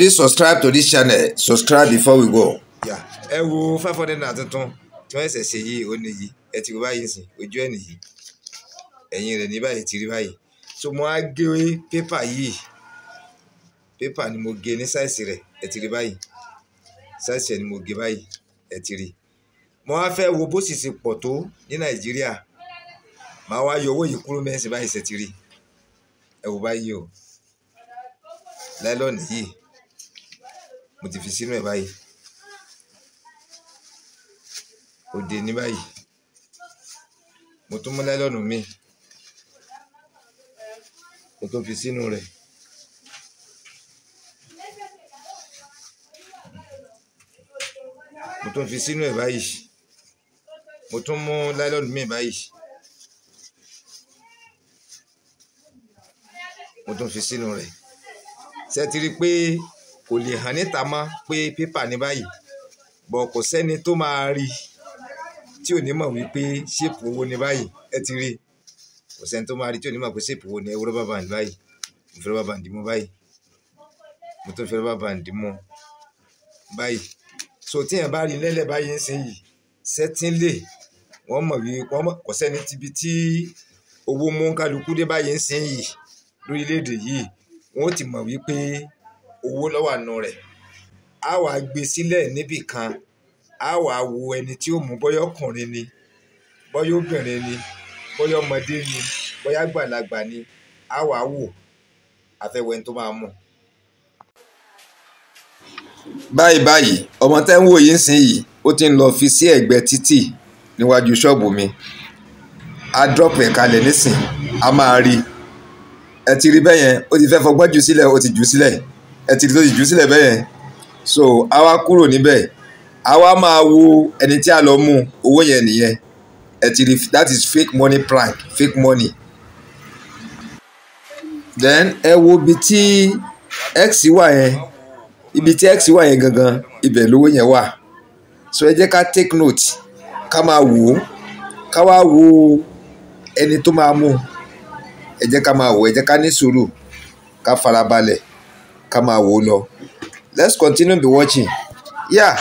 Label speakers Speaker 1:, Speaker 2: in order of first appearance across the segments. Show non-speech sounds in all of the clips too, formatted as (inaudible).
Speaker 1: please subscribe to this channel subscribe before we go. ẹ wo five hundred naira tuntun tí wọ́n ṣẹ̀ṣẹ̀ ṣe yìí ó níyì ẹ ti rí báyìí sìn ojú ẹ̀ nìyí ẹ̀yìn rẹ̀ ní báyìí ti rí báyìí so mo á gé pépà yìí pépà ni mo gé ní sáìsì rẹ̀ ẹ ti rí báyìí sáìsì ẹ̀ ni mo gé báyìí ẹ ti rí mo á fẹ́ wo bó sì ṣe pọ̀ tó ní nàìjíríà màá wá yọ owó yìí kúrò mẹ́sìn báyìí ṣe ti rí ẹ wò báyìí o láìlọ́ọ̀nì yìí mo ti fi sínú ẹ̀ báyìí òde ní báyìí mo tún mú láìlọ́nù míì mo tún fi sínú rẹ̀ mo tún fi sínú ẹ̀ báyìí mo tún mú láìlọ́nù míì báyìí mo tún fi sínú rẹ̀ ṣé pé kò lè hàn níta mọ́ pé pépà ní báyìí bọ̀ kò sẹ́ni tó máa rí tí ò ní mọ̀ wípé ṣépù owó ní báyìí ẹ ti rí kò sẹ́ni tó máa rí tí ò ní mọ̀ pé ṣépù owó ní ẹ rọ́bà bàǹdì báyìí mo fi rọ́bà bàǹdì mú báyìí mo tó fi rọ́bà bàǹdì mú báyìí so tíyẹn bá rí lẹ́lẹ̀ báyìí ń sìn yìí sẹ́tínlẹ̀ wọ́n mọ̀ wí kò sẹ́ni tibi tí owó mú kálukú dé báyìí ń sìn yìí lórílẹ̀ owó ló wà nínú rẹ̀ á wàá gbé e sílẹ̀ níbì kan á wàá wo ẹni tí ó mú bọ́yọ́ ọkùnrin ni bọ́yọ́ obìnrin ni bọ́yọ́ ọmọdé ni bọ́yọ́ àgbàlagbà ni á wàá wò àfẹ́wẹ́ni tó máa mú. báyìí báyìí ọmọ tẹ́ ń wò yìí ń sìn yìí ó ti ń lọ fi sí ẹ̀gbẹ́ títì níwájú ṣọ́ọ̀bù mi a drop kalẹ̀ nísìn a máa rí ẹ ti rí bẹ́yẹn ó ti fẹ́ fọgbọ́n jù sílẹ̀ ó ti jù sílẹ̀ ẹ ti rí tó jù sílẹ̀ bẹ́ẹ̀ so a wá kúrò níbẹ̀ a wá máa wo ẹni tí a lọ mú owó yẹn nìyẹn ẹ ti rí that is fake money prank fake money then ẹ wo ibi tí x wà yẹn ibi tí x wà yẹn gangan ibẹ̀ lówó yẹn wà so ẹ jẹ́ ká take note ká máa wò ó ká wá wo ẹni tó máa mú ẹ jẹ́ ká máa wò ẹ jẹ́ ká ní sùúrù ká farabalẹ̀ ká máa wò lọ let's continue be watching yeah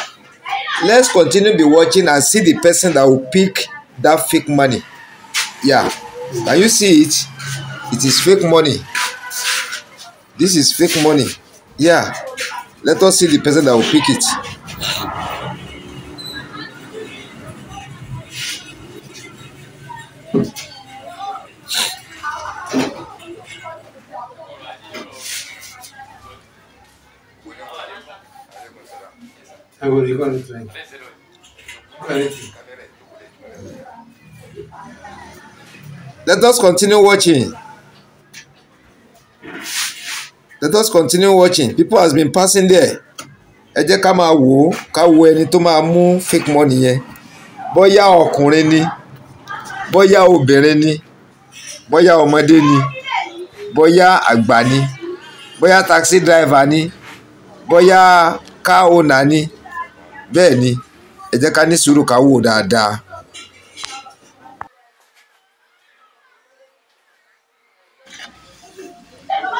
Speaker 1: let's continue be watching and see the person that will pick that fake money yeah can you see it it is fake money this is fake money yeah let us see the person that will pick it. Agora, 40. 40. Let us continue watching. Let us continue watching. People has been passing there. Ẹ jẹ́ ká máa wò ó, ká wo ẹni tó máa mú fake money yẹn. Bóyá ọkùnrin ni, bóyá obìnrin ni, bóyá ọmọdé ni, bóyá àgbà ni, bóyá taxi driver ni, bóyá car owner ni bẹ́ẹ̀ ni ẹ jẹ́ ká ní sùúrù ká wò dáadáa.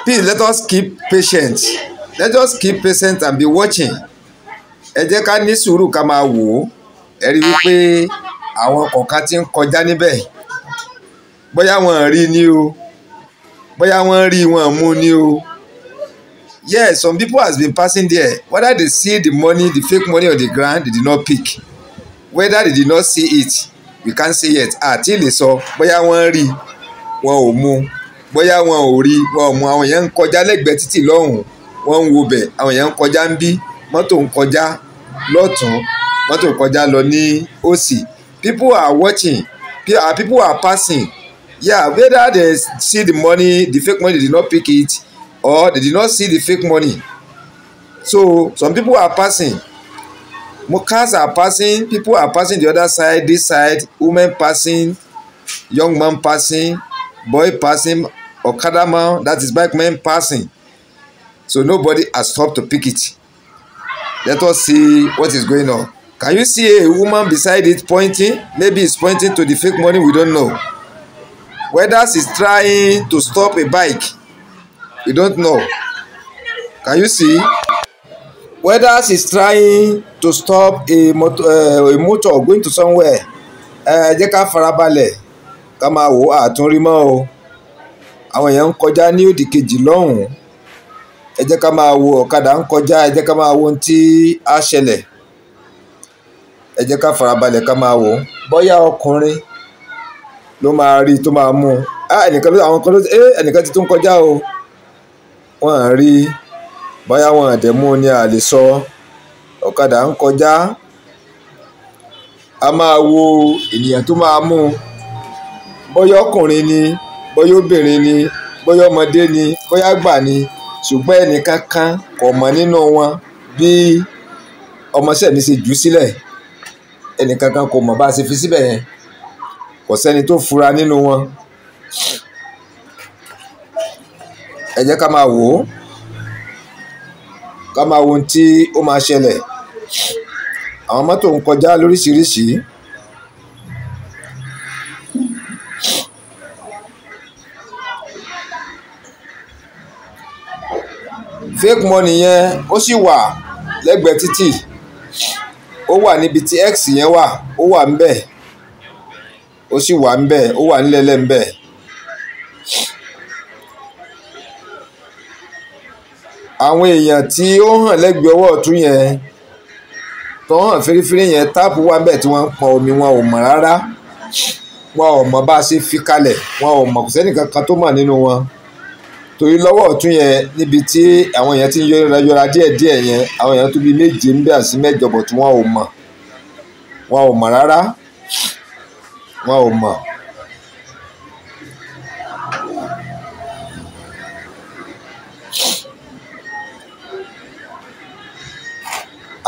Speaker 1: Please let us keep patient. Let us keep patient and be watching. Ẹ jẹ́ ká ní sùúrù ká máa wò ó. Ẹ rí i pé àwọn kọ̀ọ̀kan ti ń kọjá níbẹ̀. Bóyá wọ́n rí ni o. Bóyá wọ́n rí wọn mú ni o yes some people has been passing there whether they see the money the fake money on the ground they did not pick whether they did not see it we can't say yet àti ah, lè sọ bóyá wọ́n rí wọn ò mú bóyá wọn ò rí wọn ò mú àwọn èèyàn ń kọjá lẹ́gbẹ̀ẹ́ títì lọ́hùn-ún ń wo bẹ̀ àwọn èèyàn ń kọjá ń bí mọ́tò ń kọjá lọ́tún mọ́tò ń kọjá lọ ní òsì people are watching ah, people are passing yeah whether they see the money the fake money they did not pick it or they did not see the fake money so some people are passing cars are passing people are passing the other side this side women passing young man passing boy passing okada man that is bike man passing so nobody has stopped to pick it let us see what is going on can you see a woman beside it pointing maybe it's pointing to the fake money we don't know whether she's trying to stop a bike you don't know can you see whether she's trying to stop a motor uh, a motor going to somewhere ẹ eh, jẹ́ ká farabalẹ̀ ká máa wò àtúnrí mọ́ o àwọn èèyàn ń kọjá ní òdì kejì lọ́hùn-ún ẹ jẹ́ ká máa wo ọ̀kadà ń kọjá ẹ jẹ́ ká máa wo ohun tí á ṣẹlẹ̀ ẹ jẹ́ ká farabalẹ̀ ká máa wò bóyá ọkùnrin ló máa rí tó máa mú un ah, eh, ẹnìkan ti tún kọjá o wọ́n ń rí i bóyá wọ́n dẹ̀ mú un ni a lè sọ ọ̀kadà ń kọjá a máa wo ènìyàn tó máa mú un bóyá ọkùnrin ni bóyá obìnrin ni bóyá ọmọdé ni bóyá àgbà ni ṣùgbọ́n ẹnìkankan kò mọ̀ nínú wọn bí ọmọọṣẹ́ mi ṣe jù ú sílẹ̀ ẹnìkankan kò mọ̀ bá a ṣe fi síbẹ̀ yẹn kò sẹ́ni tó fura nínú wọn ẹ jẹ́ ká máa wò ó ká máa wo ohun tí ó máa ṣẹlẹ̀ àwọn mọ́tò ń kọjá lóríṣìíríṣìí. fake money yẹn ó sì wà lẹ́gbẹ̀ẹ́ títì ó wà níbi tí x yẹn wà ó wà ń bẹ̀ ó sì wà ń bẹ̀ ó wà nílẹ̀lẹ̀ ń bẹ̀. àwọn èèyàn tí ó hàn lẹ́gbẹ̀ẹ́ ọwọ́ ọ̀tún yẹn tó hàn fírífírí yẹn táàpù wà bẹ́ẹ̀ tí wọ́n ń pọn omi wọn ò mọ̀ rárá wọn ò mọ̀ bá a ṣe fi kalẹ̀ wọn ò mọ̀ kò sẹ́nìkan kan tó mọ̀ nínú wọn torí lọ́wọ́ ọ̀tún yẹn níbi tí àwọn èèyàn ti ń yọra díẹ̀díẹ̀ yẹn àwọn èèyàn tó bí méje ń bẹ̀ sí mẹ́jọ bọ̀ tí wọn ò mọ̀ wọn ò mọ̀ rárá wọn ò mọ̀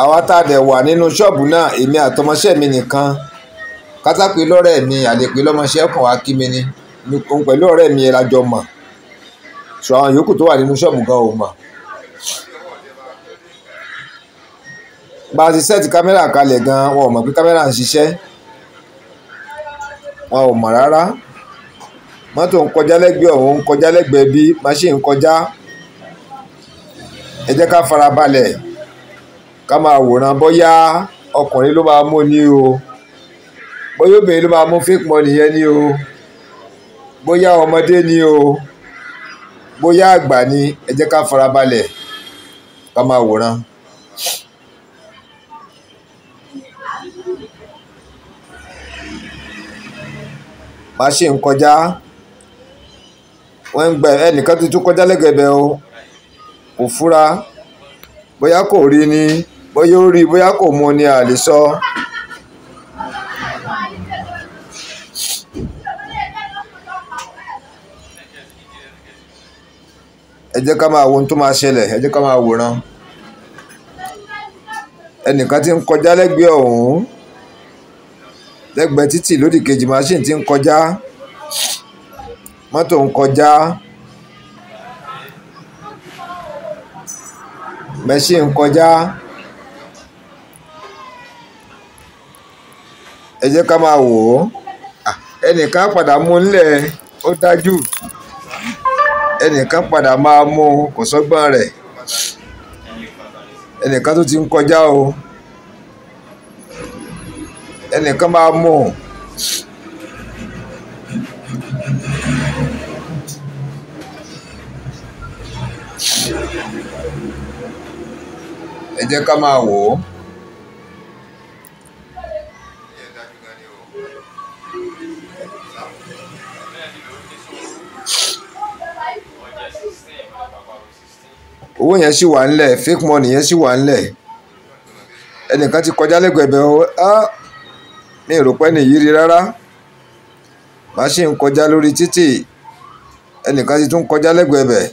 Speaker 1: àwa tá a dẹ̀ wà nínú ṣọ́ọ̀bù náà èmi àtọmọṣẹ́ mi nìkan kátápé lọ́rẹ́ mi àlèpé lọ́mọṣẹ́ kàn wá kí mi ni òun pẹ̀lú ọ̀rẹ́ mi yẹn lájọ mọ̀ ṣọ àwọn yòókù tó wà nínú ṣọ́ọ̀bù gan ò mọ̀. bá a ti sẹ́ẹ̀tì kámẹ́rà kalẹ̀ gan wọn ò mọ̀ pé kámẹ́rà ń ṣiṣẹ́ wọn ò mọ̀ rárá mọ́tò ń kọjá lẹ́gbẹ̀ẹ́ ọ̀hún ń kọjá lẹ́gbẹ̀ẹ́ bí máṣíìnì ń kọjá ẹ jẹ́ ká farabalẹ̀ ká máa wòran bóyá ọkùnrin ló máa mú ni o bóyá obìnrin ló máa mú fake money yẹn ni o bóyá ọmọdé ni o bóyá àgbà ni ẹ jẹ́ ká farabalẹ̀ ká máa wòran. má ṣe ń kọjá wọ́n ń gbẹ ẹnìkan tuntun kọjá lẹ́gẹ̀dẹ̀ o kò fura bóyá kò rí ni bóyá ó rí i bóyá kò mú ni a lè sọ. ẹ jẹ́ ká máa wo ohun tó máa ṣẹlẹ̀ ẹ jẹ́ ká máa wòran ẹnìkan tí ń kọjá lẹ́gbẹ̀ẹ́ ọ̀hún lẹ́gbẹ̀ẹ́ títì lódì kejì machine tí ń kọjá mọ́tò ń kọjá machine kọjá. ẹ jẹ́ ká máa wò ó ẹnìkan padà mú nílẹ̀ ó dájú ẹnìkan padà máa mú kò sọ́gbọ́n rẹ̀ ẹnìkan tó ti ń kọjá o ẹnìkan máa mú ẹ jẹ́ ká máa wò ó. owó yẹn ṣì wà ńlẹ̀ fake money yẹn ṣì wà ńlẹ̀ ẹnìkan ti kọjá lẹ́gbẹ̀ẹ́ bẹ́ẹ̀ o á mi ò pé nìyí rí rárá màá ṣì ń kọjá lórí títì ẹnìkan ti tún kọjá lẹ́gbẹ̀ẹ́ bẹ́ẹ̀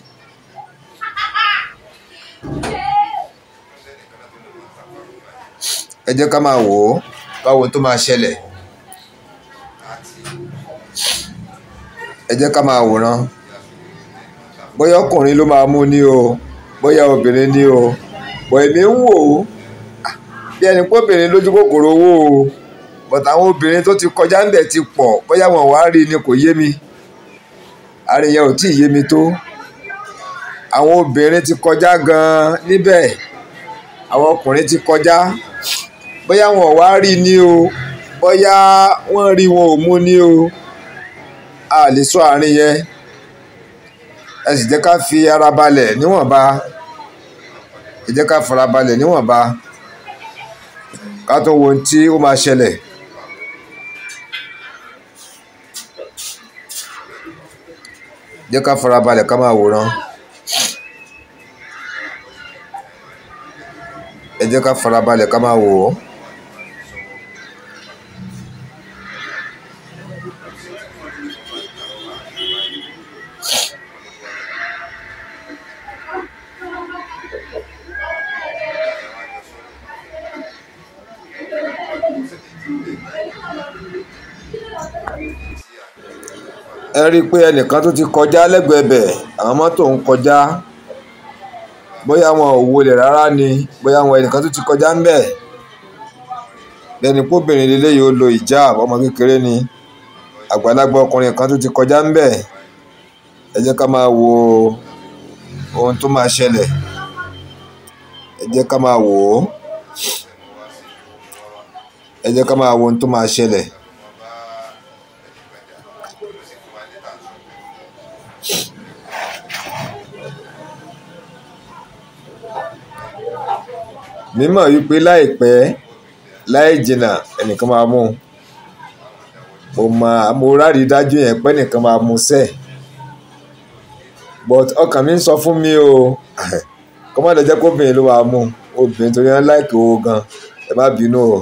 Speaker 1: ẹ jẹ́ ká máa wò ó báwo tó máa ṣẹlẹ̀ ẹ jẹ́ ká máa wòran bóyá ọkùnrin ló máa mú ni o. bóyá obìnrin ni o bọ̀ èmi ń wò ó ah, bí ẹni pé obìnrin lójú kòkòrò owó o but àwọn obìnrin tó ti kọjá ńbẹ̀ ti pọ̀ bóyá wọn wàá rí ni kò yé mi àríyàn ò tí ì yé mi tó àwọn obìnrin ti kọjá gan-an níbẹ̀ àwọn ọkùnrin ti kọjá bóyá wọn wàá rí ni o bóyá wọ́n rí wọn ò mú ni o a lè sọ àárín yẹn ẹ sì jẹ́ ká fi ara balẹ̀ níwọ̀nba ẹ jẹ́ ká fara balẹ̀ níwọ̀nba ká tó wo ohun tí ó máa ṣẹlẹ̀. jẹ́ ká fara balẹ̀ ká máa wòran ẹ jẹ́ ká fara balẹ̀ ká máa wò ẹ rí i pé ẹnìkan tó ti kọjá lẹ́gbẹ̀ẹ́ bẹ̀ àwọn mọ́tò kọjá bóyá wọn ò wọlé rárá ni bóyá wọn ẹnìkan tó ti kọjá ń bẹ̀ lẹ́ni póbìnrin lílé yìí ó lo ọmọ kékeré ni àgbàlagbà ọkùnrin kan kọjá ń bẹ̀ ẹ jẹ́ ká máa wo ohun tó máa ṣẹlẹ̀ ẹ jẹ́ ká máa wò mímọ̀ wípé láìpẹ́ láì jìnnà ẹnìkan máa mú mo máa mo rárí dájú yẹn pé ẹnìkan máa mú sẹ́ẹ̀ but ọkàn mi ń sọ fún mi o (laughs) kọ́mọ́dé jẹ́ kóbìnrin ló máa mú obìnrin tó yẹn láìpẹ́ owó gan ẹ má bínú o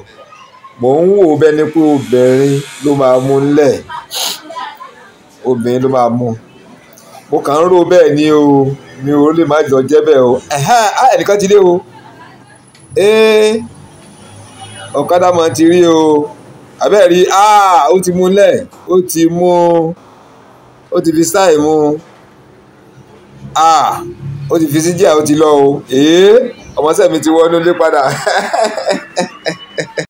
Speaker 1: mò ń wò bẹ́ẹ̀ ni pé obìnrin ló máa mú ńlẹ̀ obìnrin ló máa mú mo kàn ń rò bẹ́ẹ̀ ni o mi ò lè má jọ jẹ́ bẹ́ẹ̀ o ẹ̀hán ẹnìkan ti dé o ee eh, ọ̀kadà mà ti rí o àbẹ́ẹ̀rí aa ah, ó ti mú lẹ̀ ó ti mú ó ti fi sáì mú aa ah, ó ti fi sí díẹ̀ ó ti lọ o ee eh, ọmọ sẹ́mi ti wọnú lé padà (laughs)